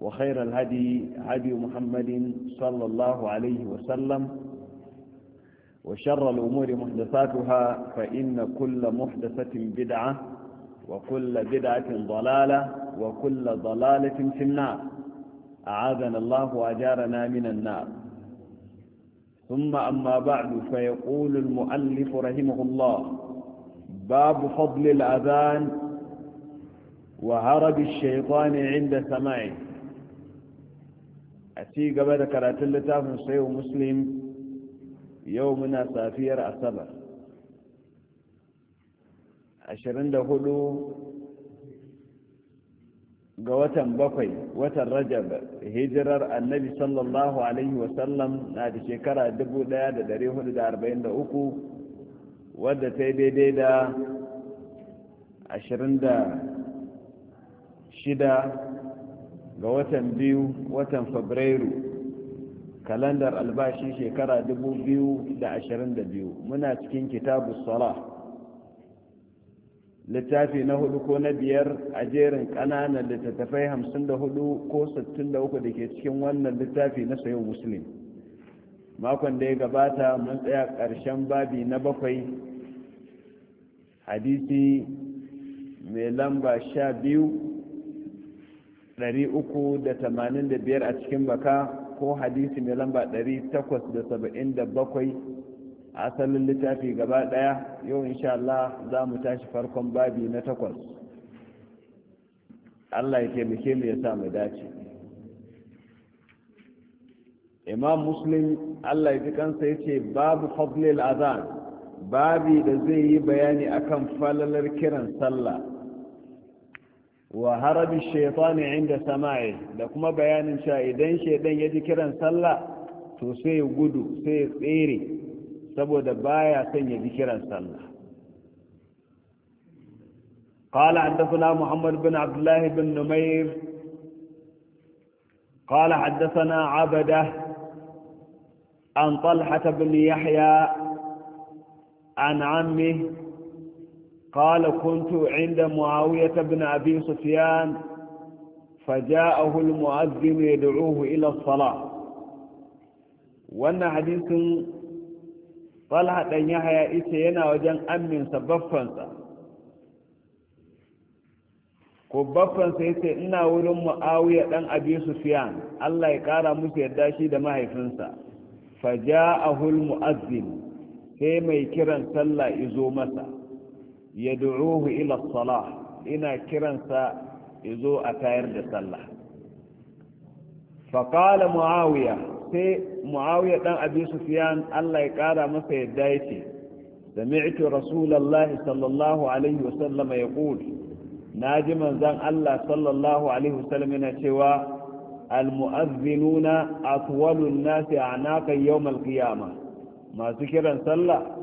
وخير الهدي هدي محمد صلى الله عليه وسلم وشر الأمور محدثاتها فإن كل محدثة بدعة وكل بدعة ضلالة وكل ضلالة في النار أعاذنا الله وأجارنا من النار ثم أما بعد فيقول المؤلف رحمه الله باب فضل الأذان وهرب الشيطان عند سماعه a ci gaba da karatun littafin sayo muslim yau muna safiyar asabar 24 ga watan bakwai watan rajab hijirar annabi sallallahu alaihi wasallam na da shekara 1443 wadda ta yi daidai da 26 ga watan biyu watan fabrairu kalandar albashi shekara 2022 muna cikin kitabu sala littafi na hudu ko na biyar a jerin kananan littattafai 54 ko sittin da ke cikin wannan littafi na sayo musulun makon da ya gabata mun tsaya ƙarshen babi na bakwai hadisi mai lamba sha biyu 385 a cikin baka ko hadisi mai lamba 877 a asalin littafi gaba daya yau insha Allah za mu tashi farkon babi na takwas Allah ya taimake mu ya sa mu dace imam muslim Allah ya ji kansa ya ce babu fadlil azan babi da zai yi bayani akan falalar kiran sallah وهرب الشيطان عند سماعه لكما بيان إن شاء إذن شيطان يجي كرا صلى سي قدو سي قيري سبو دبايا سن يجي كرا صلى قال حدثنا محمد بن عبد الله بن نمير قال حدثنا عبدة عن طلحة بن يحيى عن عمه قال كنت عند معاوية بن أبي سفيان فجاءه المؤذن يدعوه إلى الصلاة وأن حديث طلحة أن يحيى إسينا وجن أمن سبفنسا kubbafansa ya ce ina wurin ma'awiya ɗan abi sufiyan allah ya ƙara musu yadda shi da mahaifinsa faja a mu'azzin sai mai kiran sallah izo masa ya du'uhu ila salah ina kiransa izo a tayar da sallah faqala muawiya sai muawiya ɗan abi Allah ya ƙara masa yadda yake sami'tu rasulallah sallallahu alaihi wasallam na naji manzon Allah sallallahu alaihi wasallam yana cewa المؤذنون أطول a أعناقا يوم القيامة masu kiran sallah.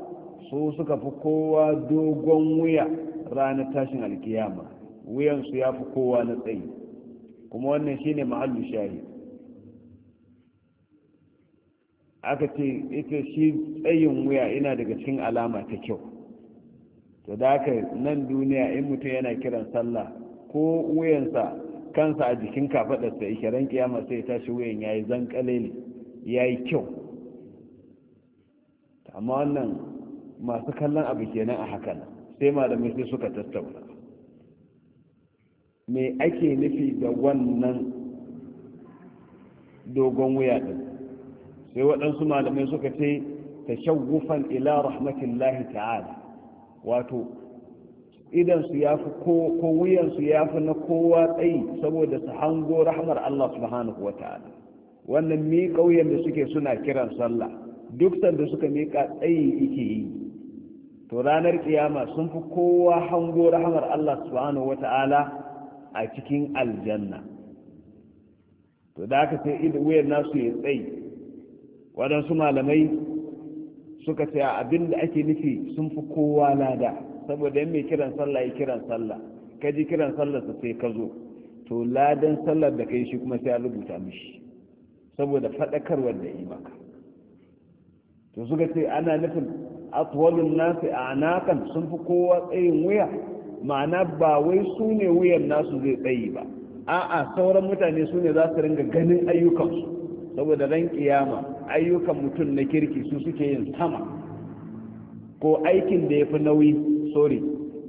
su suka fi kowa dogon wuya ranar tashin alkiyama wuyansu ya fi kowa na tsayi kuma wannan shi ne mahallu shahi aka ce ita shi tsayin wuya ina daga cikin alama ta kyau to da aka nan duniya in mutum yana kiran sallah ko wuyansa kansa a jikin kafadarsa yake ran kiyama sai tashi wuyan ya yi yayi ya yi kyau amma wannan masu kallon abu kenan a hakan sai malamai sai suka tattauna me ake nufi da wannan dogon wuya din sai waɗansu malamai suka ce ta shagufan ila rahmatullahi ta'ala wato su ya fi ko wuyansu ya fi na kowa tsayi saboda su hango rahmar Allah subhanahu wa ta'ala wannan miƙa wuyan da suke suna kiran sallah duk sanda suka miƙa tsayi ike yi to ranar kiyama sun fi kowa hango rahamar Allah subhanahu ta'ala a cikin aljanna to da aka sai wayar nasu ya tsayi waɗansu malamai suka ce abin da ake nufi sun fi kowa lada saboda yan mai kiran sallah ya kiran sallah ka ji kiran sallarsa sai ka zo to ladan sallar da kai shi kuma sai ya rubuta mishi saboda faɗakarwar da yi maka to suka ce ana nufin atwalun nasi anakan sun fi kowa tsayin wuya ma'ana ba wai su ne wuyan nasu zai tsayi ba a'a sauran mutane su ne za su ringa ganin ayyukansu saboda ran kiyama ayyukan mutum na kirki su suke yin sama ko aikin da ya fi nauyi sorry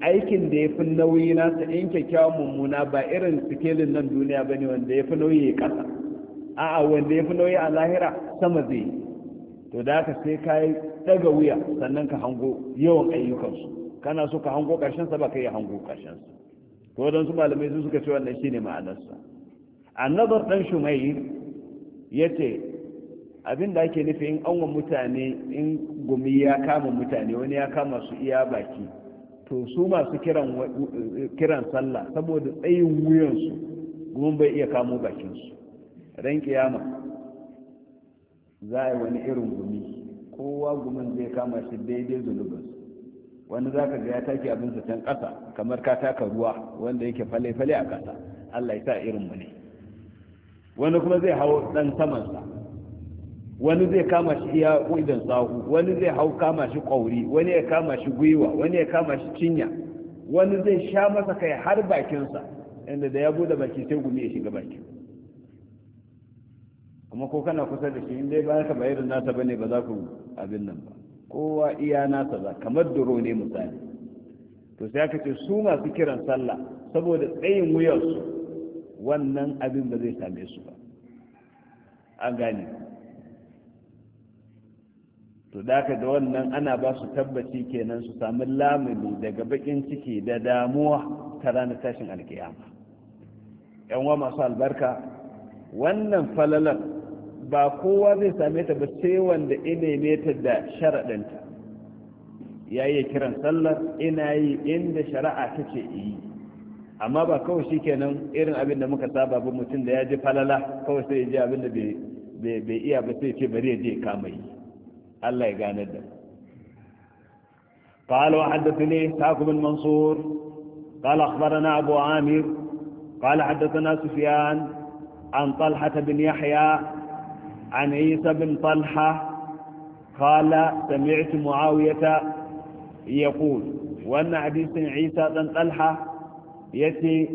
aikin da ya fi nauyi ta in kyakkyawan mummuna ba irin sikelin nan duniya ba ne wanda ya fi nauyi ya kasa a'a wanda ya fi nauyi a lahira sama zai to da ka sai ka daga wuya sannan ka hango yawan ayyukansu kana so ka hango karshen sa ba ka yi hango karshen sa to dan su malamai su suka ce wannan shine ma'anar sa ɗan dan ya yace abin da ake nufi in anwan mutane in gumi ya kama mutane wani ya kama su iya baki to su masu kiran kiran sallah saboda tsayin wuyansu gumi bai iya kamo bakinsu ran kiyama za a yi wani irin gumi kowa gumin zai kama shi daidai zunubinsu wani za ka ga ya take abinsa can ƙasa kamar ka taka ruwa wanda yake fale-fale a ƙasa allah ya sa irinmu ne wani kuma zai hau ɗan samansa wani zai kama shi iya idan sahu wani zai hau kama shi ƙwauri wani ya kama shi gwiwa wani ya kama shi cinya wani zai sha masa kai har bakinsa inda da ya bude baki sai gumi ya shiga bakin kuma ko kana kusa da shi in dai bayan ka ba irin nasa bane ba za ku abin nan ba kowa iya nasa ba kamar duro ne misali to sai aka ce su masu kiran sallah saboda tsayin wuyarsu wannan abin ba zai same su ba an gane to da da wannan ana ba su tabbaci kenan su sami lamuni daga bakin ciki da damuwa ta ranar tashin alkiyama yan wa masu albarka wannan falalar ba kowa zai same ta ba sai wanda ina ta da sharaɗinta ya yi kiran sallar ina yi inda shari'a ta ce yi amma ba kawai shi kenan irin abin da muka saba ba mutum da ya ji falala kawai sai ya ji abin da bai iya ba sai ce bari ya je kama yi Allah ya ganar da قال وحدثني ساق بن منصور قال أخبرنا أبو عامر قال حدثنا سفيان عن طلحة بن يحيى عن عيسى بن طلحة قال سمعت معاوية يقول وأن حديث عيسى بن طلحة يتي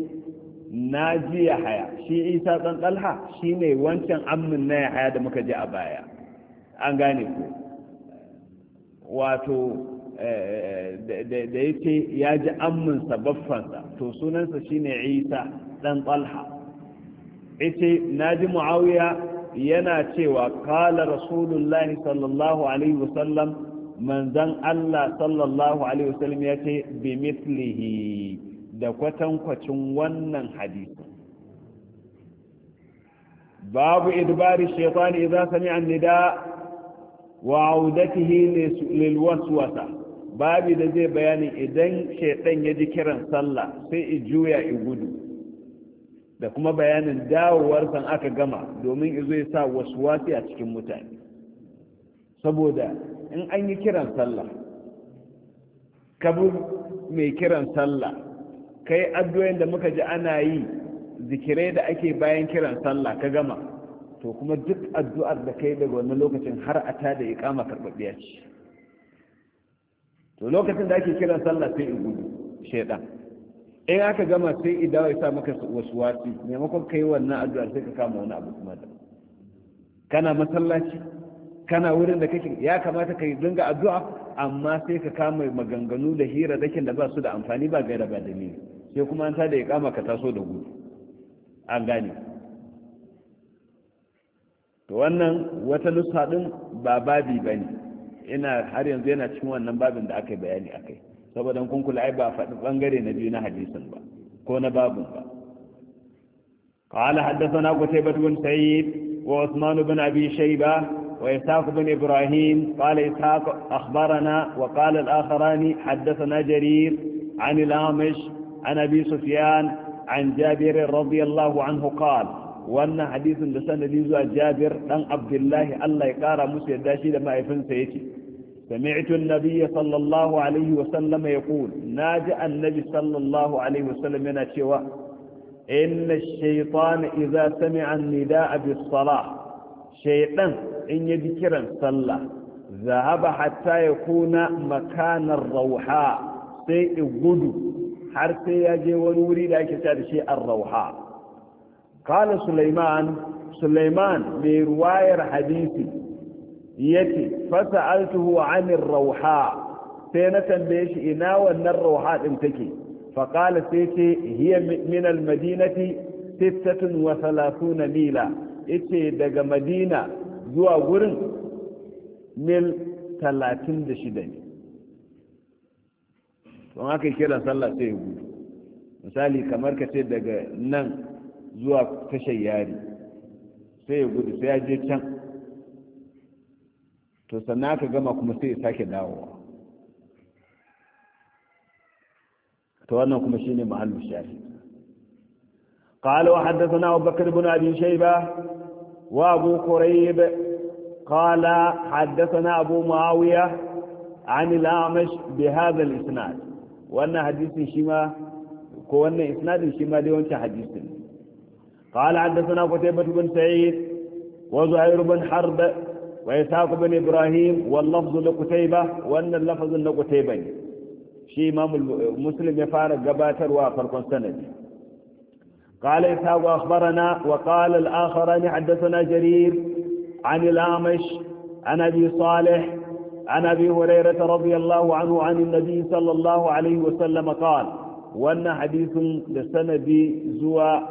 ناجي يحيى شي عيسى بن طلحة شي ne wancan ammin na yahaya da muka ji a baya an gane ku wato da yake ya ji amminsa baffansa to sunansa shine isa ɗan talha ita na ji mu'awiya yana cewa kala rasulullahi sallallahu alaihi wasallam manzan Allah sallallahu alaihi wasallam ya ce bi mislihi da kwatankwacin wannan hadisi babu idbari shaitani idza sami'a nida wa audatihi lil waswasa babu da zai bayani idan shaitan ya ji kiran sallah sai i juya i gudu da kuma bayanin dawowar san aka gama domin izo ya sa wasu wasu a cikin mutane saboda in an yi kiran sallah kabur mai kiran sallah kai addu'an da muka ji ana yi zikirai da ake bayan kiran sallah ka gama to kuma duk addu'ar da kai daga wani lokacin har a ta da iqama karɓaɓɓiya ce to lokacin da ake kiran sallah sai in gudu shaidan in aka gama sai idawa ya sa maka wasu wasu maimakon kai wannan addu'a sai ka kama wani abu kuma da kana masallaci kana wurin da kake ya kamata ka yi dinga addu'a amma sai ka kama maganganu da hira dakin da ba su da amfani ba gaira ba dalili sai kuma an tada ya kama ka taso da gudu an gane to wannan wata nusa din ba babi bane ina har yanzu yana cikin wannan babin da aka yi bayani akai saboda kun kula ai ba faɗi bangare na biyu na hadisin ba ko na babun ba قال حدثنا قتيبة بن سعيد وعثمان بن أبي شيبة وإسحاق بن إبراهيم قال إسحاق أخبرنا وقال الآخران حدثنا جرير عن الأعمش عن أبي سفيان عن جابر رضي الله عنه قال وأن حديث لسنة ليزوى جابر عن عبد الله الله يقارى مسيداشي لما يفنسيتي سمعت النبي صلى الله عليه وسلم يقول ناجع النبي صلى الله عليه وسلم ينشوى إن الشيطان إذا سمع النداء بالصلاة شيطان إن يذكرا صلى ذهب حتى يكون مكان الروحاء سيء قدو حرس يجي ونوري لك شيء الروحاء قال سليمان سليمان برواية حديثي yace fasa'altuhu 'anir rauha sai na tambaye shi ina wannan rauha din take fa qala sai ce hiya min al madinati 36 mila ita daga madina zuwa gurin mil 36 ne don haka kira sallah sai ya gudu misali kamar ka ce daga nan zuwa tashar yari sai ya gudu sai ya je can to sannan aka gama kuma sai ya sake dawowa to wannan kuma shine mahallu shafi قال وحدثنا أبو بكر بن أبي شيبة وأبو قريب قال حدثنا أبو معاوية عن الأعمش بهذا الإسناد وأن حديث شما وأن إسناد شما دي وانت حديث قال حدثنا قتيبة بن سعيد وزهير بن حرب وإسحاق بن إبراهيم واللفظ لقتيبة وأن اللفظ لقتيبة شيء إمام مسلم يفارق قباتر وفرق سند قال إساق أخبرنا وقال أن حدثنا جرير عن الأعمش عن أبي صالح عن أبي هريرة رضي الله عنه عن النبي صلى الله عليه وسلم قال وأن حديث لسند زوى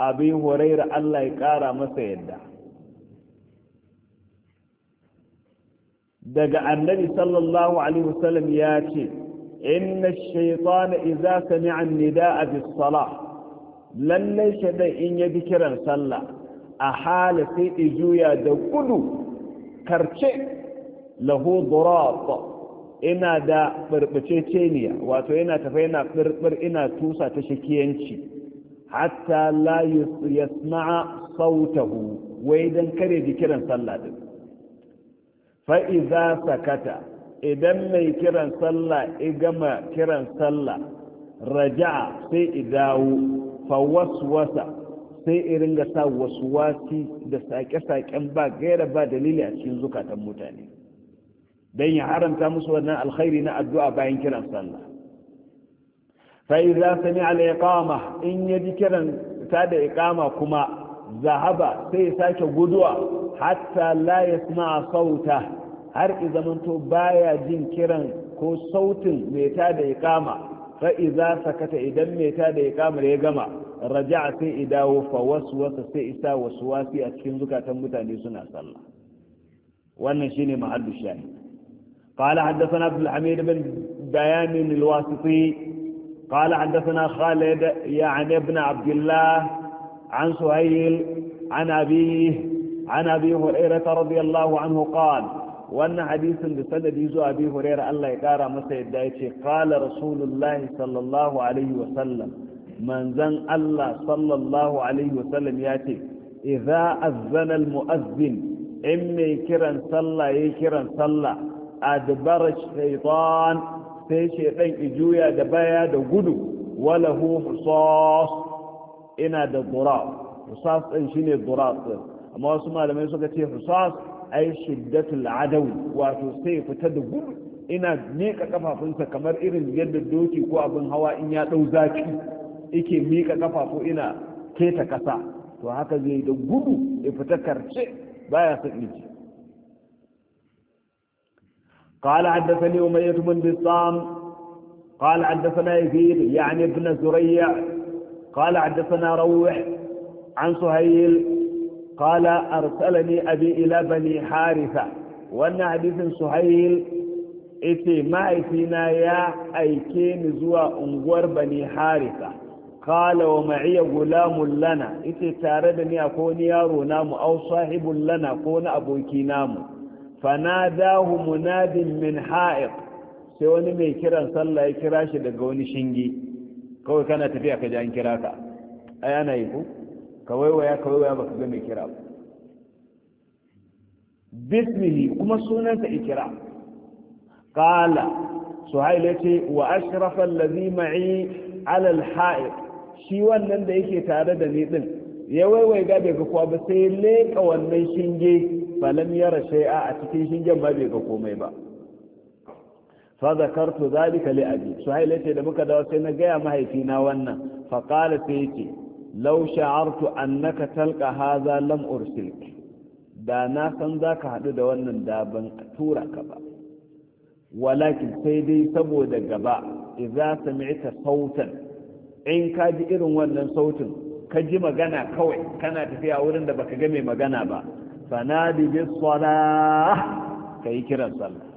أبي هريرة الله يكارى مسيده daga annabi sallallahu alaihi wasallam ya ce inna shaytana idza sami'a an-nida'a bis-salah lalle shada in ya bi kiran sallah a hala sai ya juya da gudu karce lahu durat ina da barbace-ceniya wato yana tafa yana burbur ina tusa ta shakiyanci hatta la yasma'a sautahu wai dan kare ji kiran sallah din fa'iza sakata idan mai kiran sallah i gama kiran sallah raja'a sai i dawo fawaswasa sai i ringa sa wasuwasi da sake-saken ba gaira ba dalili a cikin zukatan mutane don ya haramta musu wannan alkhairi na addu'a bayan kiran sallah fa'iza sami ala iqama in ya ji kiran ta da iqama kuma zahaba sai ya sake guduwa hatta la yasma sauta har zamanto baya jin kiran ko sautin mai ta da kama fa iza sakata idan mai ta da iqama ya gama raja sai idawo fa wasa sai isa waswasi a cikin zukatan mutane suna sallah wannan shine mahallu shahid قال حدثنا عبد الحميد بن بيان الواسطي قال حدثنا خالد يعني ابن عبد الله عن سهيل عن أبيه عن أبي هريرة رضي الله عنه قال وأن حديث بسند يزو أبي هريرة الله يقارى مسيد دايتي قال رسول الله صلى الله عليه وسلم من زن الله صلى الله عليه وسلم ياتي إذا أذن المؤذن إمي كرا صلى يكرا صلى أدبر الشيطان sai shaidan ijuya da baya da gudu wala hu husos ina da gurab husas din shine gurab din amma wasu malamai suka ce husas ai shiddatul adaw wato sai fita da gudu ina miƙa kafafunsa kamar irin yadda doki ko abin hawa in ya dau zaki yake miƙa kafafu ina keta kasa to haka zai da gudu ya fita karce baya son ji قال حدثني أمية بن بسام قال حدثنا يزيد يعني ابن زريع قال حدثنا روح عن سهيل قال أرسلني أبي إلى بني حارثة وأن حديث سهيل إتي ما إتينا يا أيكين زوا أنغور بني حارثة قال ومعي غلام لنا إتي تاردني أكون يارو نام أو صاحب لنا أكون أبوكي نام فناداه مناد من حائط سيوني ميكرا صلى يكراش لقوني شنجي kawai kana tafiya ka ji an kira ka ai ana yi ku ka waiwaya ka waiwaya ga mai kira ba bismihi kuma sunansa ikira qala suhail yace wa ashrafa allazi ma'i ala shi wannan da yake tare da ni din ya waiwai ga bai ga kowa ba sai leka wannan shinge falam yara shay'a a cikin shingen ba bai ga komai ba fa zakartu zalika li abi suhail yace da muka dawo sai na gaya mahaifina wannan fa qala sai yace law sha'artu annaka talqa hadha lam ursilk da na san zaka hadu da wannan da ban tura ka ba walakin sai dai saboda gaba idza sami'ta sautan in ka ji irin wannan sautin ka ji magana kawai kana tafiya wurin da baka ga mai magana ba fanadi bis salah kai kiran sallah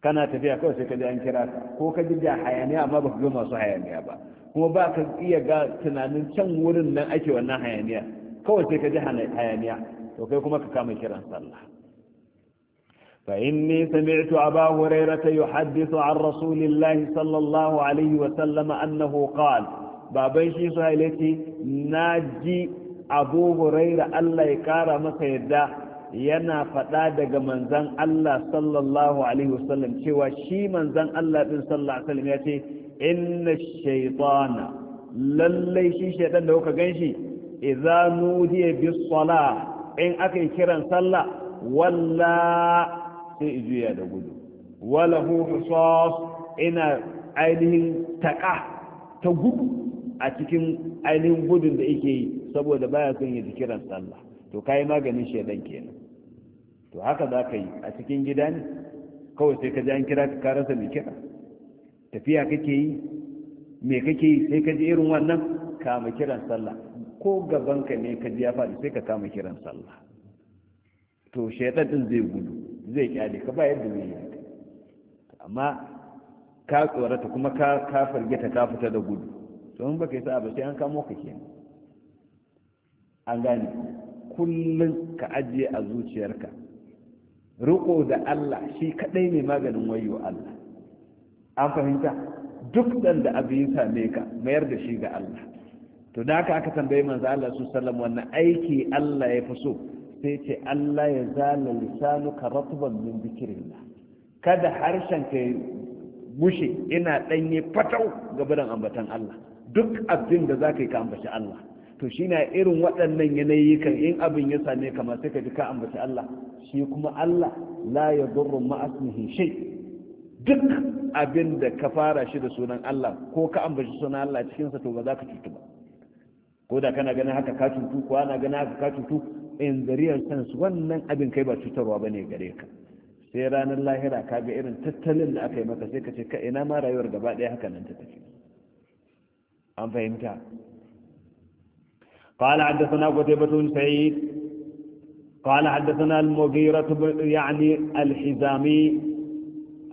kana tafiya kawai sai ka ji an kira ka ko ka ji da hayaniya amma ba ga masu hayaniya ba kuma ba ka iya ga tunanin can wurin nan ake wannan hayaniya kawai sai ka ji hayaniya to kai kuma ka kama kiran sallah فإني سمعت أبا هريرة an عن رسول الله صلى الله عليه وسلم أنه قال بابي شي سهلتي ناجي أبو هريرة yana faɗa daga manzan Allah sallallahu alaihi wasallam cewa shi manzan Allah ɗin sallallahu alaihi wasallam ya ce inna shaytana lallai shi shaytan da kuka ganshi idza nudiya bis sala in aka yi kiran sallah walla sai juya da gudu wala hu hisas ina ainihin taqa ta gudu a cikin ainihin gudun da yake yi saboda baya son ya kiran sallah to kayi maganin shaidan kenan to haka za ka yi a cikin gida ne kawai sai ka ji an kira ka karasa mai kira tafiya kake yi me kake yi sai ka ji irin wannan kama kiran sallah ko gabanka ne ka ji ya faɗi sai ka kama kiran sallah to shaitan din zai gudu zai kyale ka ba yadda mai yi amma ka tsorata kuma ka ka ka fita da gudu to in baka yi sa'a ba sai an kamo ka ke an gane kullum ka ajiye a zuciyarka riƙo da Allah shi kadai ne maganin wayo Allah an fahimta duk ɗan da abu ya same ka mayar da shi ga Allah to da haka aka tambaye manzo Allah su wannan aiki Allah ya fi so sai ce Allah ya zala lisanuka ratban min zikrillah kada harshen ka mushe ina danye fatau ga bidan ambatan Allah duk abin da zaka yi ka ambaci Allah to shine irin waɗannan yanayi kan in abin ya same ka ma sai ka ji ka ambaci Allah shi kuma Allah la ya durru ma'asmihi shay duk abin da ka fara shi da sunan Allah ko ka ambaci sunan Allah cikin sa to ba za ka cutu ba ko da kana ganin haka ka cutu ko ana ganin haka ka cutu in the real sense wannan abin kai ba cutarwa bane gare ka sai ranar lahira ka ga irin tattalin da aka yi maka sai ka ce ka ina ma rayuwar gaba ɗaya haka nan ta tafi an fahimta قال حدثنا قتيبة بن سعيد قال حدثنا المغيرة يعني الحزامي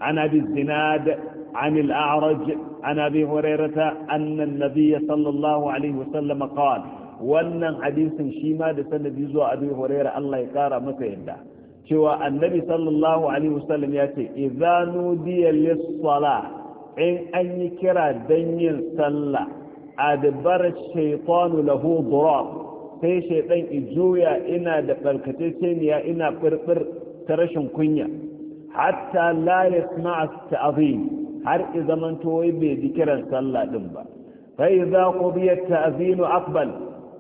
عن أبي الزناد عن الأعرج عن أبي هريرة أن النبي صلى الله عليه وسلم قال wannan hadisin shi ma da sanadi zuwa abin horera Allah ya kara masa yadda cewa annabi sallallahu alaihi wasallam ya ce idza nudiya lis-sala in an yi kira dan yin sallah adbar shaytanu lahu durab sai shaidan ijuya ina da barkataceniya ina birbir ta rashin kunya hatta la yasma'a ta'zim har i zaman wai bai ji kiran sallah din ba fa idza biya ta'zim aqbal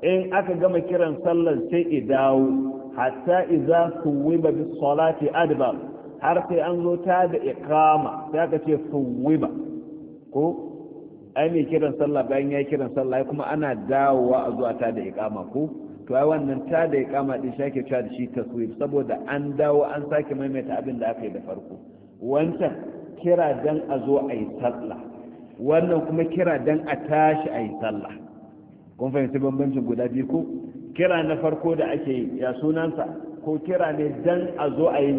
in aka gama kiran sallar sai i dawo hatta idza suwiba bi salati adbar har sai an zo ta da iqama sai aka ce suwiba ko ai mai kiran sallah bayan ya kiran sallah kuma ana dawowa a zuwa ta da ikama ko to ai wannan ta da ikama din shake cewa da shi taswif saboda an dawo an sake maimaita abin da aka yi da farko wancan kira dan a zo a yi sallah wannan kuma kira dan a tashi a yi sallah kun fahimci bambancin guda biyu ko kira na farko da ake yi ya sunansa ko kira ne dan a zo a yi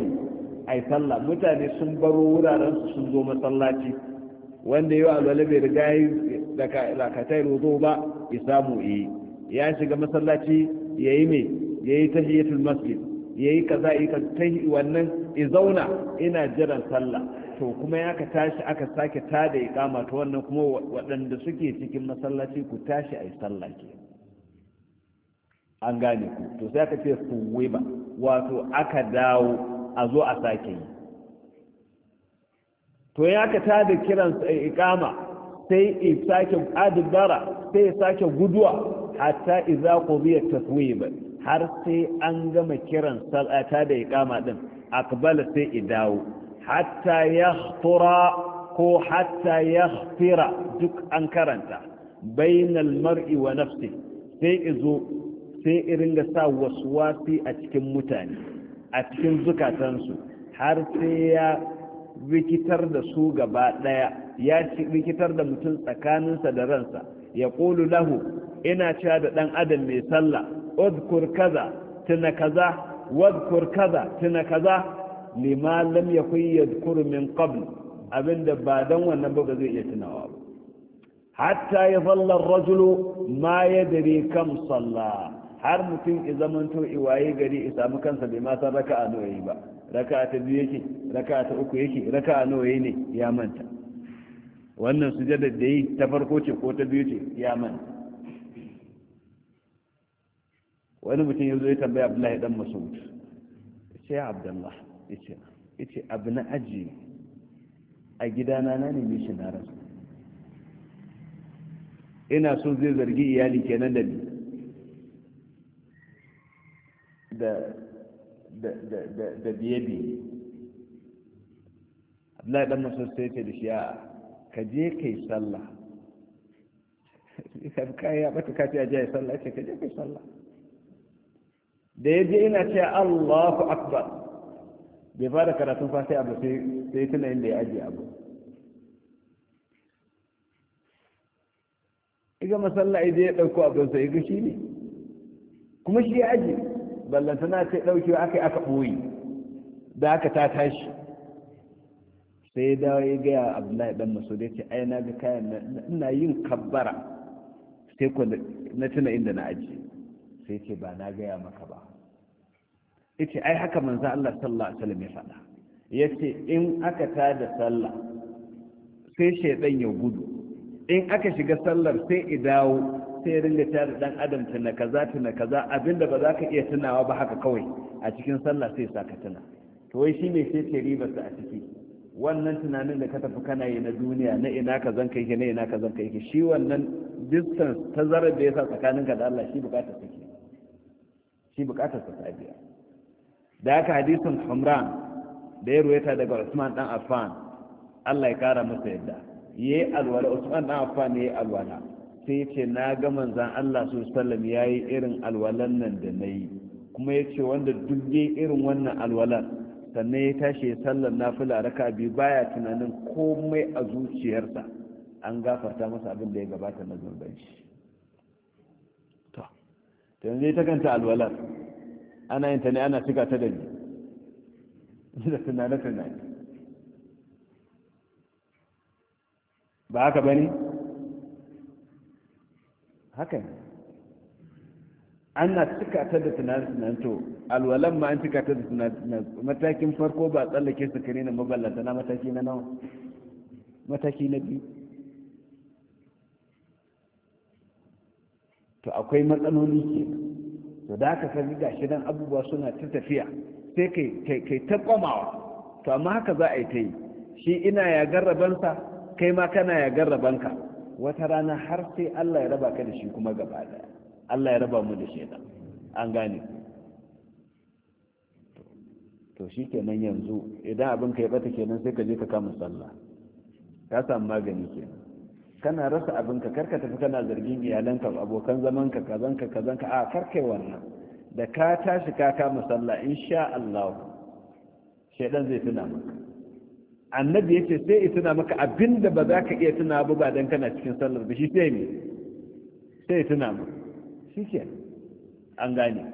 a yi sallah mutane sun baro wuraren su sun zo masallaci wanda yau alwala bai riga yi zakatai rozo ba ya samu yi ya shiga masallaci ya yi mai ya yi ta tahiyatul masjid ya yi kaza ya yi wannan ya zauna ina jiran sallah to kuma ya ka tashi aka sake tada kama ta wannan kuma waɗanda suke cikin masallaci ku tashi a yi sallah ke an gane ku to sai aka ce su wato aka dawo a zo a sake yi to ya ka tada kiran iqama sai ya sake adbara sai ya sake guduwa hatta idza qudiya taswib har sai an gama kiran salata da ikama din akbala sai idawo hatta yahtura ko hatta fira duk an karanta bainal mar'i wa nafsi sai izo sai ringa sa waswasi a cikin mutane a cikin zukatansu har sai ya rikitar da su gaba ɗaya ya ci rikitar da mutum tsakaninsa da ransa ya ƙulu lahu ina cewa da ɗan adam mai sallah udkur kaza tuna kaza wadkur kaza tuna kaza lima lam yakun min qabl abinda ba dan wannan ba zai iya tunawa ba hatta ya zalla rajulu ma yadri kam sallah har mutum ya zamanto iwaye gari ya samu kansa bai ma san raka'a nawa ba raka ta biyu yake raka ta uku yake raka nawa yayi ne ya manta wannan sujada da yi ta farko ce ko ta biyu ce ya manta wani mutum ya zo ya tambaya abdullahi dan masud ce abdullah yace yace abu na aji a gidana na nemi shi na rasu ina so zai zargi iyali kenan da ni da da biye-biye abdullahi dan masar sai ce da shi a ka je kai sallah kayan ya baka kafi a jiya sallah ce ka je kai sallah da ya je ina ce allahu akbar bai fara karatun fa sai abu sai tuna inda ya ajiye abu iga masalla idan ya ɗauko abin sai ga shi ne kuma shi ya aji. ballantana ce wa aka yi aka ɓoye da aka ta tashi sai dawo ya gaya abdullahi dan masoud ya ce ai na ga kayan ina yin kabbara sai ku na tuna inda na aji sai ce ba na gaya maka ba yace ai haka manzo Allah sallallahu alaihi wasallam ya faɗa yace in aka tada sallah sai shaydan ya gudu in aka shiga sallar sai i dawo sai ya ringa tare dan adam na kaza na kaza abinda ba za ka iya tunawa ba haka kawai a cikin sallah sai sa ka tuna to wai shine sai riba sa a ciki wannan tunanin da ka tafi kana yi na duniya na ina ka zan kai na ina ka zan kai shi wannan distance ta zarar da ya sa ka da Allah shi bukatar sa ke shi bukatar sa sabiya. da haka hadisin Umran da ya ruwaita daga Usman dan Affan Allah ya kara masa yadda yayi alwala Usman dan Affan yayi alwala sai ce na ga manzan Allah su sallam ya yi irin alwalan nan da na yi kuma ya ce wanda duk ya irin wannan alwalan sannan ya tashi sallan sallar na fi raka biyu baya tunanin komai a zuciyarsa an gafarta masa abin da ya gabata na zurban shi ta yanzu ta kanta alwalan ana yin ta ne ana cika ta da ni da ba haka ba ne haka ne ana cika ta da tunanin to alwalan ma an cika ta da tunanin matakin farko ba tsallake su kare na maballanta na mataki na nawa mataki na biyu to akwai matsaloli ke to da aka sani ga shi nan abubuwa suna ta tafiya sai kai kai ta komawa to amma haka za a yi ta yi shi ina ya garrabansa kai ma kana ya garrabanka wata rana har sai Allah ya raba ka da shi kuma gaba daya Allah ya raba mu da shaitan an gane to shi kenan yanzu idan abin ka ya bata kenan sai ka je ka kama sallah ka samu magani kenan kana rasa abin ka karka tafi kana zargin iyalanka abokan zaman ka kazan ka kazan ka a karkai wannan da ka tashi ka kama sallah insha Allah shedan zai tuna maka annabi yace sai ya tuna maka abinda ba za ka iya tuna ba ba dan kana cikin sallar ba shi sai ne sai ya tuna shi ke an gane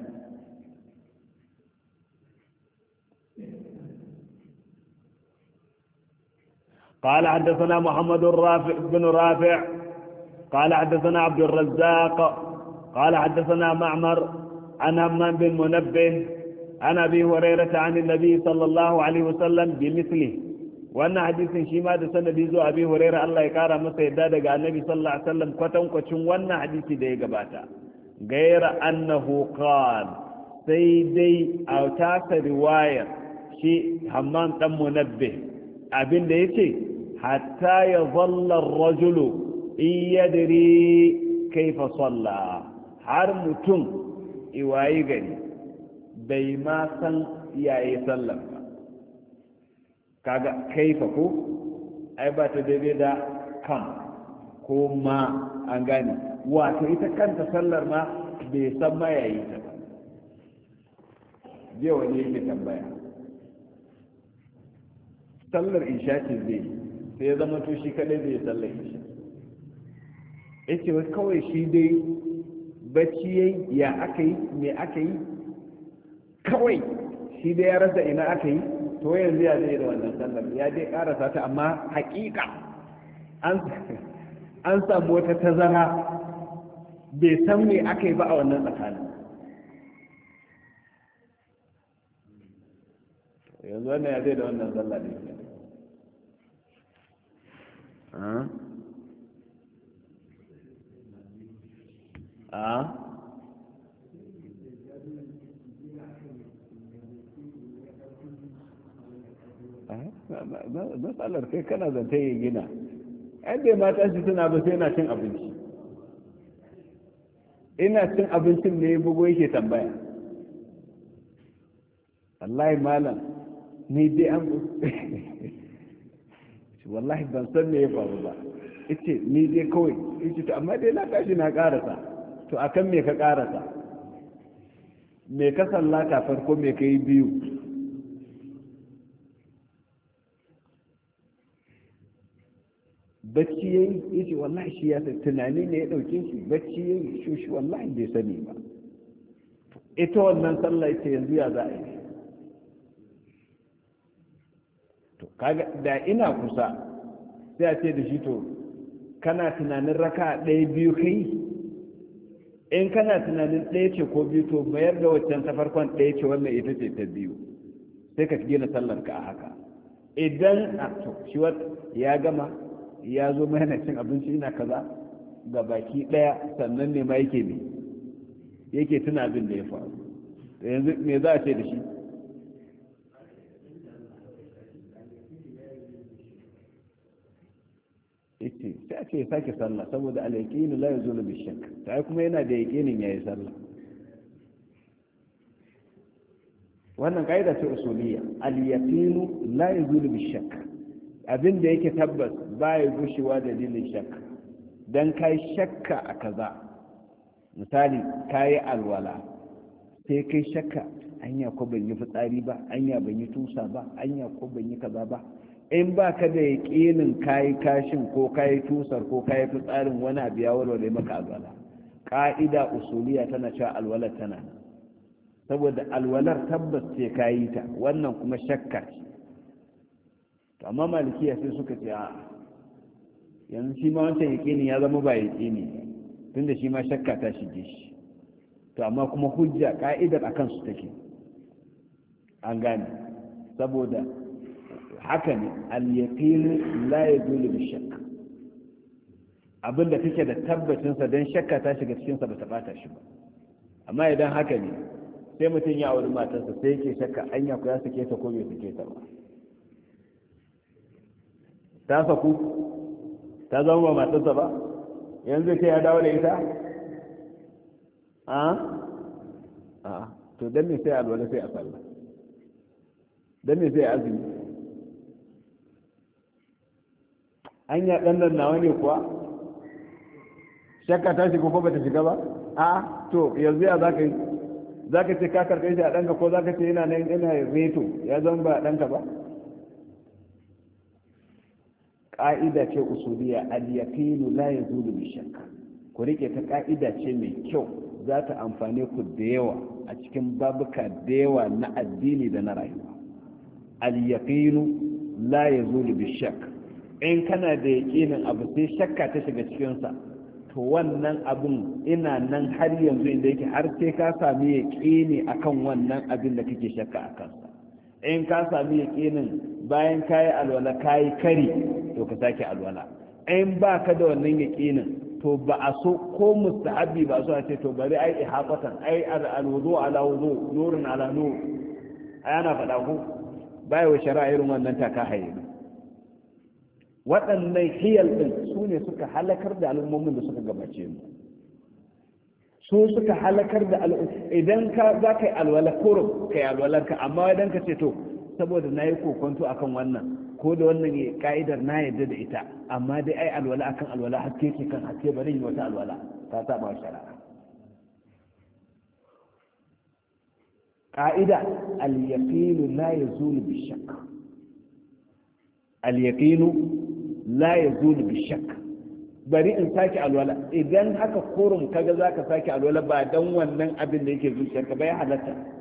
قال حدثنا محمد الرافع بن رافع قال حدثنا عبد الرزاق قال حدثنا معمر عن همام بن منبه عن ابي هريره عن النبي صلى الله عليه وسلم بمثله wannan hadisin shi ma da sanadi zuwa abi huraira Allah ya kara masa yadda daga annabi sallallahu alaihi wasallam kwacin wannan hadisi da ya gabata gaira annahu qal sai dai a tasa riwayar shi hammam dan munabbih abin da yake hatta ya zalla rajulu in yadri kaifa salla har mutum iwayi gari bai ma san yayi sallah kaga kaifa ko ai ba ta daidai da kan ko ma an gane wato ita kanta sallar ma bai san ma yayi ta ba je wani yake tambaya sallar isha ce zai sai ya zama to shi kadai zai sallar Ya ce wai kawai shi dai bacci yayi ya aka yi me aka yi kawai shi dai ya rasa ina aka yi to yanzu ya zai da wannan sallar ya dai karasa ta amma hakika an samu wata tazara bai san me aka yi ba a wannan tsakanin yanzu wannan ya zai da wannan sallar ne a matsalar kai kana zanta ya gina ɗan bai mata shi suna ba sai na cin abinci ina cin abincin ne bugu yake tambaya wallahi malam ni dai an wallahi ban san me ya faru ba ita ni dai kawai ita to amma dai na tashi na karasa to akan me ka karasa me ka sallata farko me ka yi biyu bacci yayi yace wallahi shi ya san tunani ne ya dauke shi bacci yayi shi shi wallahi bai sani ba ita wannan sallah ita yanzu ya za a yi to kaga da ina kusa sai a ce da shi to kana tunanin raka ɗaya biyu kai in kana tunanin ɗaya ce ko biyu to mayar da waccan ta farkon ɗaya ce wannan ita ce ta biyu sai ka gina sallar ka a haka idan a to shi ya gama ya zo mai yana cin abinci ina kaza ga baki daya sannan ne ma yake ne yake tuna abin da ya faru da yanzu me za a ce da shi yace sai ake ce ya sake sallah saboda alaƙinu la yazo bi shakk sai kuma yana da yaƙinin yayi sallah wannan kaida ce usuliyya al yaqinu la yuzulu bi shakk abin da yake tabbas ba ya gushewa dalilin shakka don ka yi shakka a kaza misali ka yi alwala sai kai shakka anya ko ban yi fitsari ba anya ban yi tusa ba anya ko ban yi kaza ba in ba ka da yaƙinin ka yi kashin ko ka yi tusar ko ka yi fitsarin wani abu ya warware maka alwala ƙa'ida usuliya tana cewa alwalar tana saboda alwalar tabbas ce ka yi ta wannan kuma shakka ce to amma malikiya sai suka ce a yanzu shi ma wancan ne ya zama ba tun tunda shi ma shakka ta shige shi to amma kuma hujja ka'idar a kansu take an gane saboda haka ne al-yaqinu la yadulu bi shakk abinda kake da tabbacin sa dan shakka ta shiga cikin sa ba ta bata shi ba amma idan haka ne sai mutum ya aure matarsa sai yake shakka anya ku ya sake ta ko bai sake ta ba ta saku ta zama ba matarsa ba yanzu ce ya dawo da ita a ah? a ah, to dan me sai alwala sai a sallah dan me sai a azumi an ya dan nan nawa ne kuwa shakka ta shiga ko bata shiga ba a ah, to yanzu ya zaka yi ka ce ka karbe shi a ɗanka, ko za ka ce yana nan yana reto ya zama ba ɗanka ba ƙa'ida ce usuliya al-yaqinu la yazulu bi shakka. ku rike ta ƙa'ida ce mai kyau za ta amfane ku da yawa a cikin babuka da yawa na addini da na rayuwa al-yaqinu la yazulu bi shakka. in kana da yaƙinin abu sai shakka ta shiga cikinsa to wannan abin ina nan har yanzu inda yake har sai ka sami yaƙini akan wannan abin da kake shakka a kansa in ka sami yaƙinin bayan kayi alwala kayi kari to ka sake alwala in ba ka da wannan yaƙinin to ba a so ko mustahabi ba so a ce to bari ai ihafatan ai alwudu ala wudu nurun ala nur ana faɗa ku bai wa shari'a irin wannan taka haye waɗannan hiyal ɗin su ne suka halakar da al'ummomin da suka gabace mu su suka halakar da idan ka za ka yi alwala kurum ka yi alwalanka amma idan ka ce to saboda na yi kokonto akan wannan ko da wannan ya ka'idar na yadda da ita amma dai ai alwala akan alwala har ke kan haske bari yi wata alwala ta saba shari'a ka'ida alyaqinu la yazulu bi alyaqinu la yazulu bi bari in sake alwala idan haka kurum kaga zaka sake alwala ba dan wannan abin da yake zuciyarka bai halatta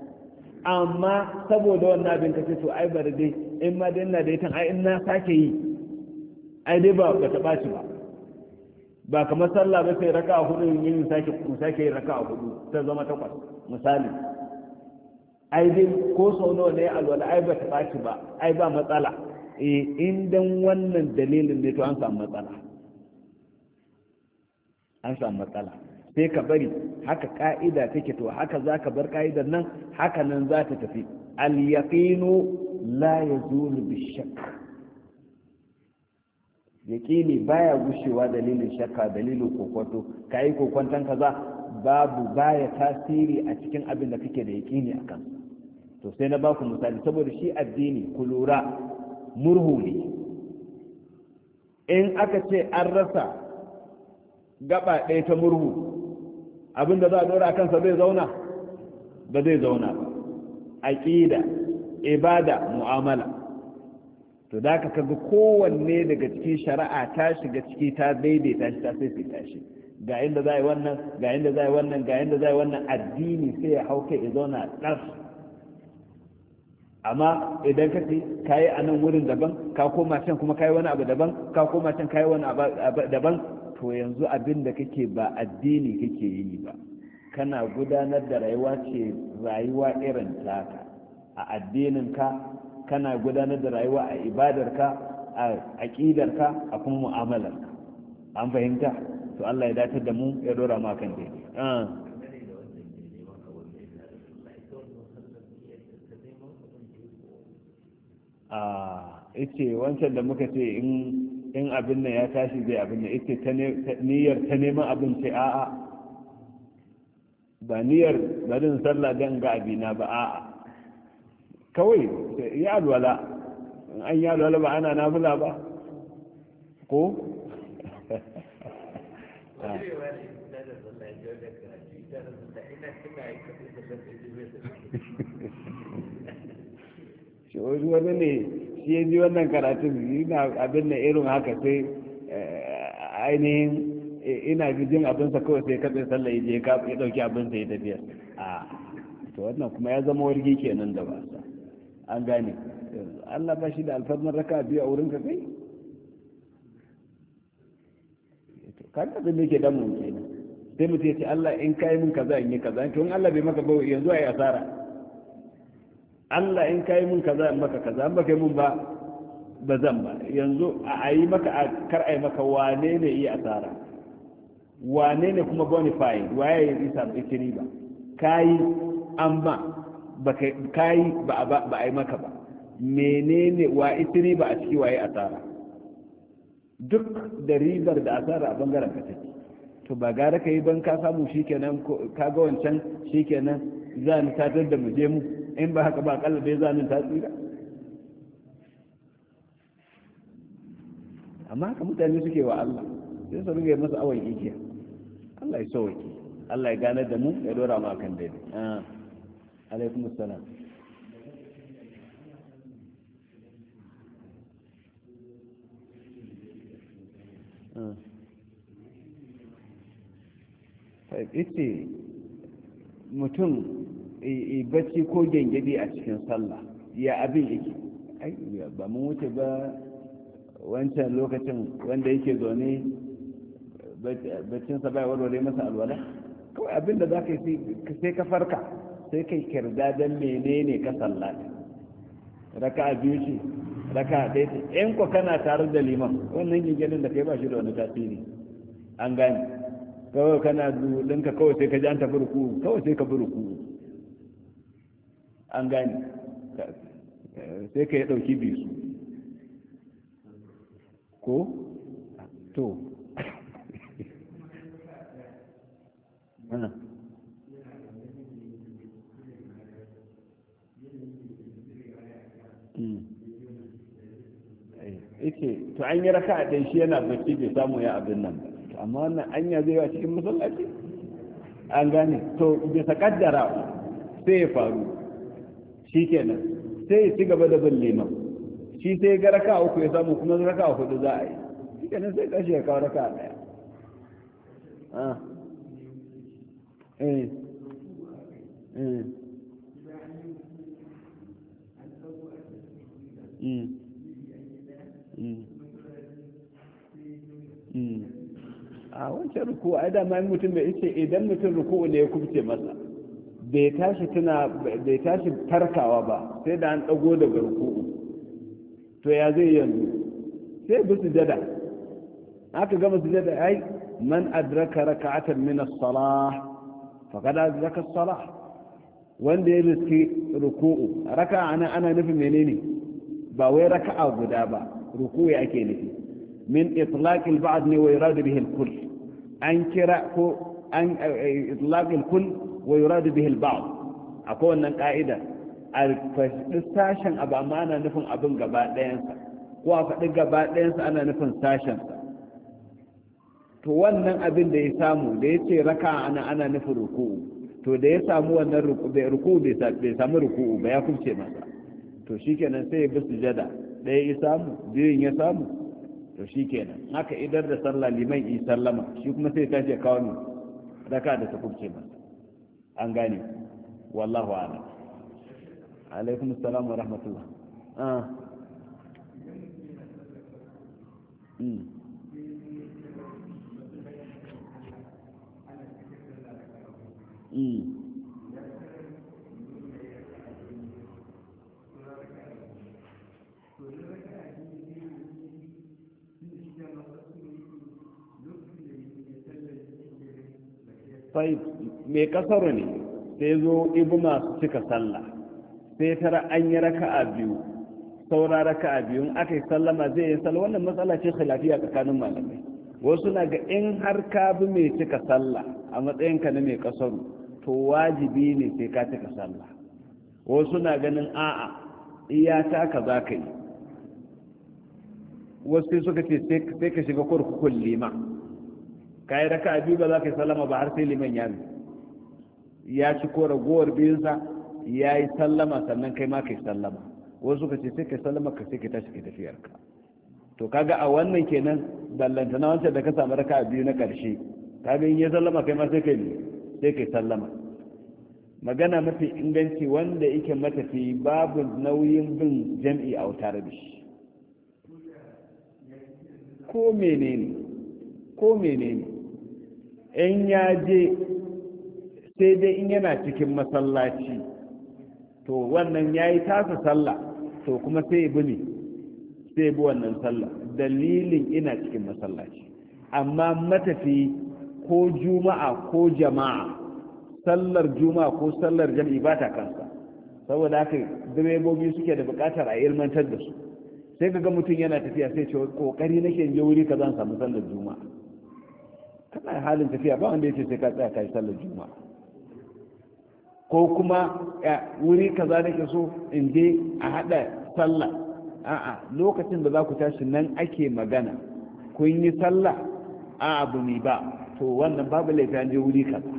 amma saboda wannan abin ka ce to ai bari dai in ma dai ina da ita ai in na sake yi ai dai ba ba ta ɓaci ba ba kamar sallah ba sai raka hudu in yi sake in sake yin raka'a hudu ta zama takwas misali ai dai ko sau nawa ne alwala ai ba ta ɓaci ba ai ba matsala eh in dan wannan dalilin ne to an samu matsala an samu matsala sai ka bari haka ka'ida take to haka za ka bar ka'idar nan haka nan za ta tafi al-yaqinu la yazulu bishak yaqini baya gushewa dalilin shakka dalilin kokwato kai kokwantan kaza babu baya tasiri a cikin abin da kake da yaqini akan to sai na baku misali saboda shi addini kulura lura murhu ne in aka ce an rasa gaba ɗaya ta murhu abin da za a dora kansa zai zauna ba zai zauna ba aqida ibada mu'amala to da ka kaga kowanne daga cikin shari'a ta shiga ciki ta daidaita shi ta sai ta tashi ga inda za a yi wannan ga inda za a yi wannan ga inda za a yi wannan addini sai ya hau kai ya zauna ɗar amma idan ka ce ka yi a nan wurin daban ka koma can kuma ka yi wani abu daban ka koma can ka yi wani abu daban to yanzu abin da kake ba addini kake yi ba kana gudanar da rayuwa ce rayuwa irin taka a addininka kana gudanar da rayuwa a ibadarka a aƙidarka a kuma mu'amalarka an fahimta to Allah ya datar da mu ya dora mu kan dai a ice ah, wancan da muka ce in in abin nan ya tashi zai abin nan ita niyyar ta neman abin ce a'a ba niyyar barin sallah don ga abina ba a'a kawai ya alwala an ya alwala ba ana nafila ba ko shi wani ne shi ya ji wannan karatun yana abin da irin haka sai eh, ainihin eh, ina jin abinsa kawai sai katse sallah ya je ya dauki abinsa ya tafiya a to wannan kuma ya zama wargi kenan da ba an gane Allah ba shi da alfarmar raka biyu a wurin ka kai kan abin da yake damun kenan sai mutum ya ce Allah in kai min kaza in yi kaza to in Allah bai maka bau yanzu yi asara Allah in kai mun kaza in maka kaza in baka yi mun ba ba zan ba yanzu a yi maka a kar a yi maka wane ne iya asara wane ne kuma bonify waye ya yi samu ita riba kayi an ba kai ba a yi maka ba menene wa ita riba a ciki waye asara duk da ribar da asara a bangaren ka take to ba gara ka yi ban ka samu shikenan ka ga wancan shikenan za ni tatar da mu je mu in ba haka ba kalla bai zanin ta tsira amma haka mutane suke wa Allah sai su rige masa awon igiya Allah ya sauki Allah ya gane da mu ya dora mu akan daidai ah alaikum assalam ita mutum Eh, eh, bacci ko gyangyaɗe a cikin sallah ya abin yake ba mu wuce ba wancan lokacin wanda yake zaune baccinsa ya warware masa alwala kawai abin da za ka yi sai ka farka sai kai kirda don menene ka sallata raka a biyu ce raka a ɗaya ce in ko kana tare da liman wannan gingirin da kai ba shi da wani tasiri an gane kawai kana ɗinka kawai sai ka ji an tafi ruku kawai sai ka bi ruku an gani sai ka yi ɗauki bisu ko to hmm. yake to an yi raka a ɗan shi yana bacci bai samu ya abin nan ba amma wannan anya zai wa cikin masallaci an gane to bisa kaddara sai ya faru shi kenan sai ya ci gaba da bin liman shi sai ga raka uku ya samu kuma raka hudu za a yi shi kenan sai kashi ya kawo raka daya a wancan ruku a dama mutum bai ce idan mutum ruku ne ya kubce masa bai tashi tuna bai tashi farkawa ba sai da an dago daga ruku'u to ya zai yanzu sai bi sujada aka gama su sujada ai man adraka raka'atan min as-salah faqad adraka as-salah wanda ya riski ruku'u raka'a ana ana nufin menene ba wai raka'a guda ba ruku'u ake nufi min itlaq al-ba'd ne wa irad bihi al-kull an kira ko an eh, eh, itlaq al-kull wa yuradu bihi al-ba'd akwai wannan ka'ida alfashi sashen abu amma ana nufin abin gaba ɗayansa ko a faɗi gaba ɗayansa ana nufin sa to wannan abin da ya samu da ya ce raka ana ana nufin ruku'u to da ya samu wannan ruku'u bai samu ruku'u ba ya masa to shikenan sai ya bi sujada ɗaya ya samu biyun ya samu to shikenan haka idar da sallah liman yi sallama shi kuma sai ya tashi ya kawo raka da ta kubce masa an gane wallahu a'lam alaikum assalam wa rahmatullah ah Mm. طيب mai kasaru ne sai zo ibu masu cika sallah sai tara an yi raka'a biyu saura raka'a biyu in aka yi sallama zai yi sallah wannan matsala ce khilafiya tsakanin malamai wasu na ga in har ka bi mai cika sallah a matsayinka na mai kasaru to wajibi ne sai ka cika sallah wasu na ganin a'a ta ka za ka yi wasu suka ce sai ka shiga kurkukun lima ka yi raka'a biyu ba za ka yi sallama ba har sai liman ya zai ya ci ko ragowar biyunsa ya yi sallama sannan kai ma kai sallama wasu ka ce sai kai sallama ka sai ka tashi ka tafiyar ka to kaga a wannan kenan ballanta na wancan da ka samu raka biyu na karshe kaga in ya sallama kai ma sai kai sai kai sallama magana mafi inganci wanda yake matafi babu nauyin bin jam'i a wuta da ko menene ko menene in ya je sai dai in yana cikin masallaci to wannan ya yi tasa sallah to kuma sai bi ne sai bi wannan sallah dalilin ina cikin masallaci amma matafi ko juma'a ko jama'a sallar juma'a ko sallar jam'i ba ta kansa saboda haka direbobi suke da buƙatar a ilmantar da su sai kaga mutum yana tafiya sai ce kokari nake je wuri ka zan samu sallar juma'a kana halin tafiya ba wanda yace sai ka tsaya kai sallar juma'a ko kuma wuri kaza nake so in je a hada sallah a'a lokacin da za ku tashi nan ake magana kun yi sallah a abu ne ba to wannan babu laifi an je wuri kaza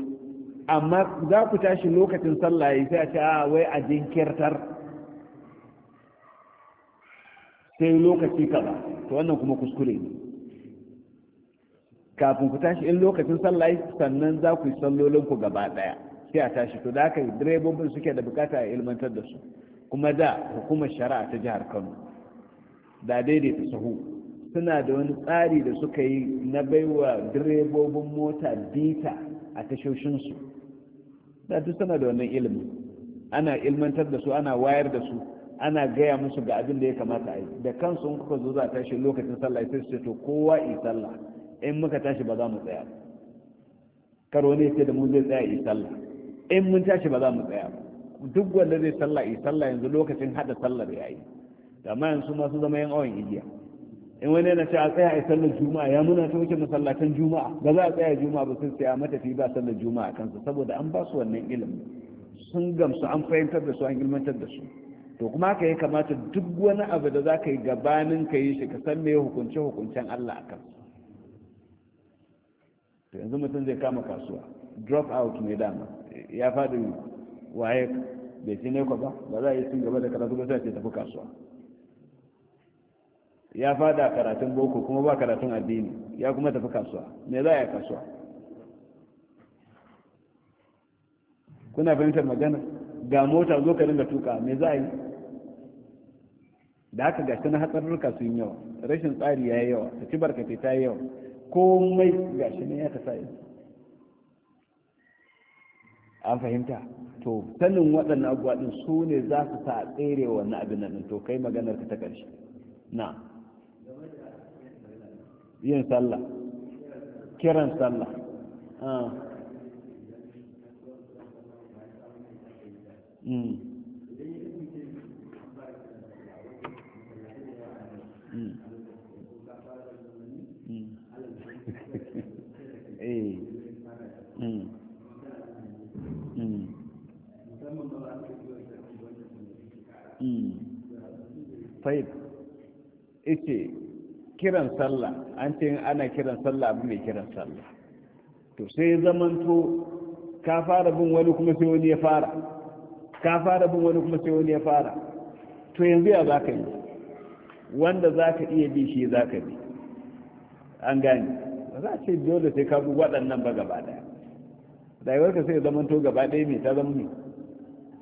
amma za ku tashi lokacin sallah ya sai a ce a wai a jinkirtar sai lokaci kaza to wannan kuma kuskure ne kafin ku tashi in lokacin sallah sannan za ku yi sallolinku gaba daya sai a tashi to da haka direbobin suke da bukata a ilmantar da su kuma da hukumar shari'a ta jihar kano da daidaita sahu suna da wani tsari da suka yi na baiwa direbobin mota bita a tashoshinsu da duk suna da wannan ilimi ana ilmantar da su ana wayar da su ana gaya musu ga abin da ya kamata a yi da kansu in kuka zo za a tashi lokacin sallah sai su ce to kowa yi sallah in muka tashi ba za mu tsaya karo ne sai da mu zai tsaya yi sallah in mun tashi ba za mu tsaya ba duk wanda zai sallah yi sallah yanzu lokacin hada sallar ya yi amma yanzu ma su zama yan awon igiya in wani yana ce a tsaya a sallar juma'a ya muna ta wuce masallatan juma'a ba za a tsaya juma'a ba sun tsaya matafi ba sallar juma'a kansa saboda an ba su wannan ilimin sun gamsu an fahimtar da su an ilmantar da su to kuma haka ya kamata duk wani abu da za ka yi gabanin ka yi shi ka san me hukunce hukuncen Allah a to yanzu mutum zai kama kasuwa drop out mai dama ya faɗi waye bai ne neko ba ba za a yi sun gaba da karatu ba sai ce tafi kasuwa ya fada karatun boko kuma ba karatun addini ya kuma tafi kasuwa me za a yi kasuwa kuna fahimtar magana ga mota zo ka dinga tuka me za a yi da haka gashi na hatsarurruka sun yawa rashin tsari ya yi yawa ta ci barkatai ta yi yawa komai gashi ne ya ta sa yi an fahimta to sanin waɗannan abubuwa ɗin su ne za su sa a tsere wannan abin nan to kai maganar ka ta ƙarshe na yin sallah kiran sallah Mm. tufail ita kiran sallah an ce ana kiran sallah abu mai kiran sallah to sai zamanto ka fara bin wani kuma sai wani ya fara ka fara bin wani kuma sai wani ya fara to yanzu ya za ka yi wanda za ka iya bi shi za ka bi an gane ba za ce dole sai ka bi waɗannan ba gaba ɗaya rayuwarka sai zamanto gaba ɗaya mai ta zama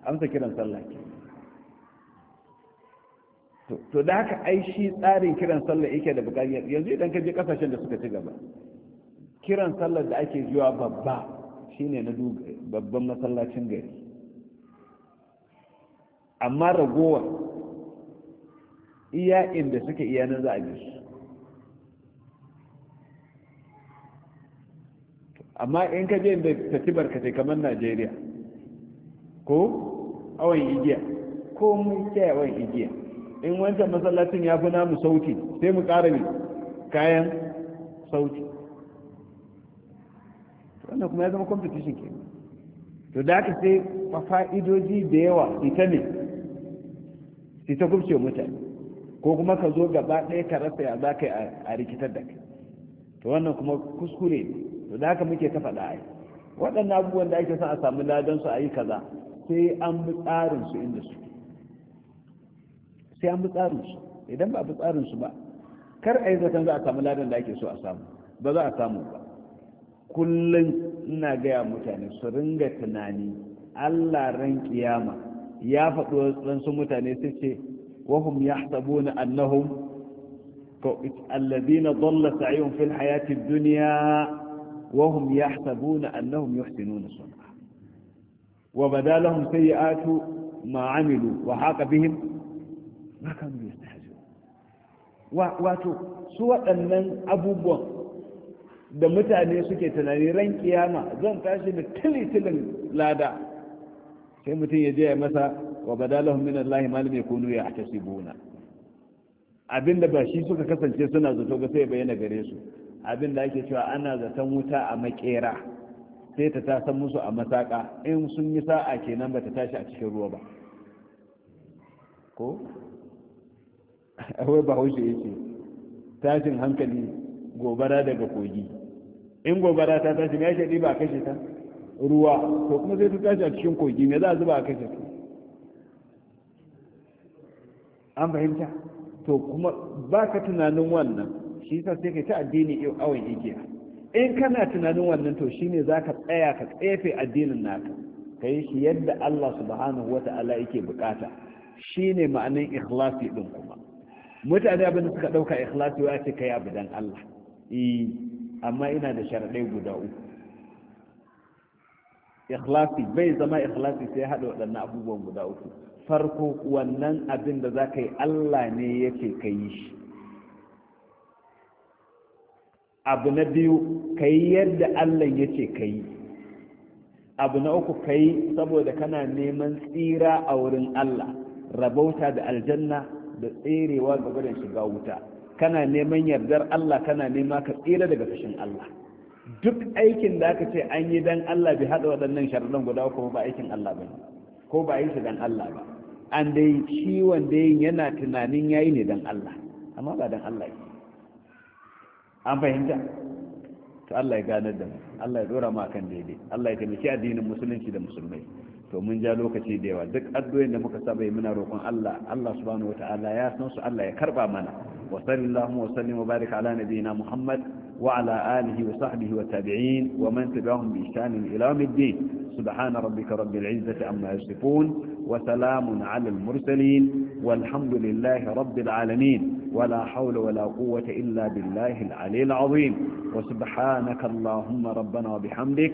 amsa kiran sallah ke to da haka ai shi tsarin kiran sallah yake da bukari yanzu idan ka je kasashen da suka ci gaba kiran sallar da ake jiwa babba shine na babban masallacin gari amma ragowa iya inda suke iya na za a ji su amma in ka je da tatibar sai kamar najeriya ko awon igiya ko mun kya awon igiya in wancan masallacin ya fi namu sauki sai mu ƙara ne kayan sauki wannan kuma ya zama competition ke to da aka sai fa'idoji da yawa ita ne ita gubce mutane ko kuma ka zo gaba ɗaya ka rasa ya za ka yi a rikitar da kai to wannan kuma kuskure ne to da aka muke ta faɗa yi waɗannan abubuwan da ake son a samu ladansu su a yi kaza sai an bi tsarin su inda su sai an bi tsarinsu idan ba a bi tsarinsu ba kar a yi zaton za a samu ladan da ake so a samu ba za a samu ba kullum ina gaya mutane su ringa tunani allah ran kiyama ya faɗi wasu mutane su ce wahum ya sabuna annahum alladina dalla sa'ihum fil hayati dunya wahum yahsabuna annahum yuhsinuna sun'a wa badalahum sayyi'atu ma amilu wa haqa bihim ma kanu yastahzi'un wato su waɗannan abubuwan da mutane suke tunani ran kiyama zan tashi da tilitilin lada sai mutum ya je ya masa wa badalahu min Allah ma lam yakunu yahtasibuna abinda ba shi suka kasance suna zato ga sai bayyana gare su abinda ake cewa ana zaton wuta a makera sai ta tasan musu a masaka in sun yi sa'a kenan ba ta tashi a cikin ruwa ba ko Akwai bahaushe ya ce tashin hankali gobara daga kogi in gobara ta tashi me ake ɗiba a kashe ta ruwa to kuma sai ta tashi a cikin kogi me za a zuba a kashe ta an fahimta to kuma ba ka tunanin wannan shi yasa sai ka ci addini yau awon igiya in kana tunanin wannan to shine za ka tsaya ka tsefe addinin naka ka yi shi yadda Allah subhanahu wa ta'ala yake bukata shine ma'anin ikhlasi din kuma mutane abin da suka ɗauka ikhlasi ya ce kai abu dan Allah eh, amma ina da sharaɗai guda uku ikhlasi bai zama ikhlasi sai haɗa waɗannan abubuwan guda uku farko wannan abin da za ka yi Allah ne yake ka yi shi abu na biyu ka yi yadda Allah yake ka yi abu na uku ka yi saboda kana neman tsira a wurin Allah rabauta da aljanna da tserewa ga gudun shiga wuta kana neman yardar Allah kana nema ka tsira daga fashin Allah duk aikin da aka ce an yi dan Allah bi hada waɗannan sharaɗan guda kuma ba aikin Allah ba ko ba yi shi dan Allah ba an dai ciwon da yin yana tunanin yayi ne dan Allah amma ba dan Allah ne an fahimta to Allah ya ganar da mu Allah ya dora mu akan daidai Allah ya taimaki addinin musulunci da musulmai to mun ja lokaci da yawa duk addu'o'in da muka saba muna roƙon Allah Allah subhanahu wata'ala ya san su Allah ya karba mana wa sallallahu wa sallim wa barik ala nabiyyina Muhammad wa ala alihi wa sahbihi wa tabi'in wa man tabi'ahum bi ihsan ila yawmiddin subhana سبحان ربك رب العزة عما يصفون وسلام على المرسلين والحمد لله رب العالمين ولا حول ولا قوة إلا بالله العلي العظيم وسبحانك اللهم ربنا وبحمدك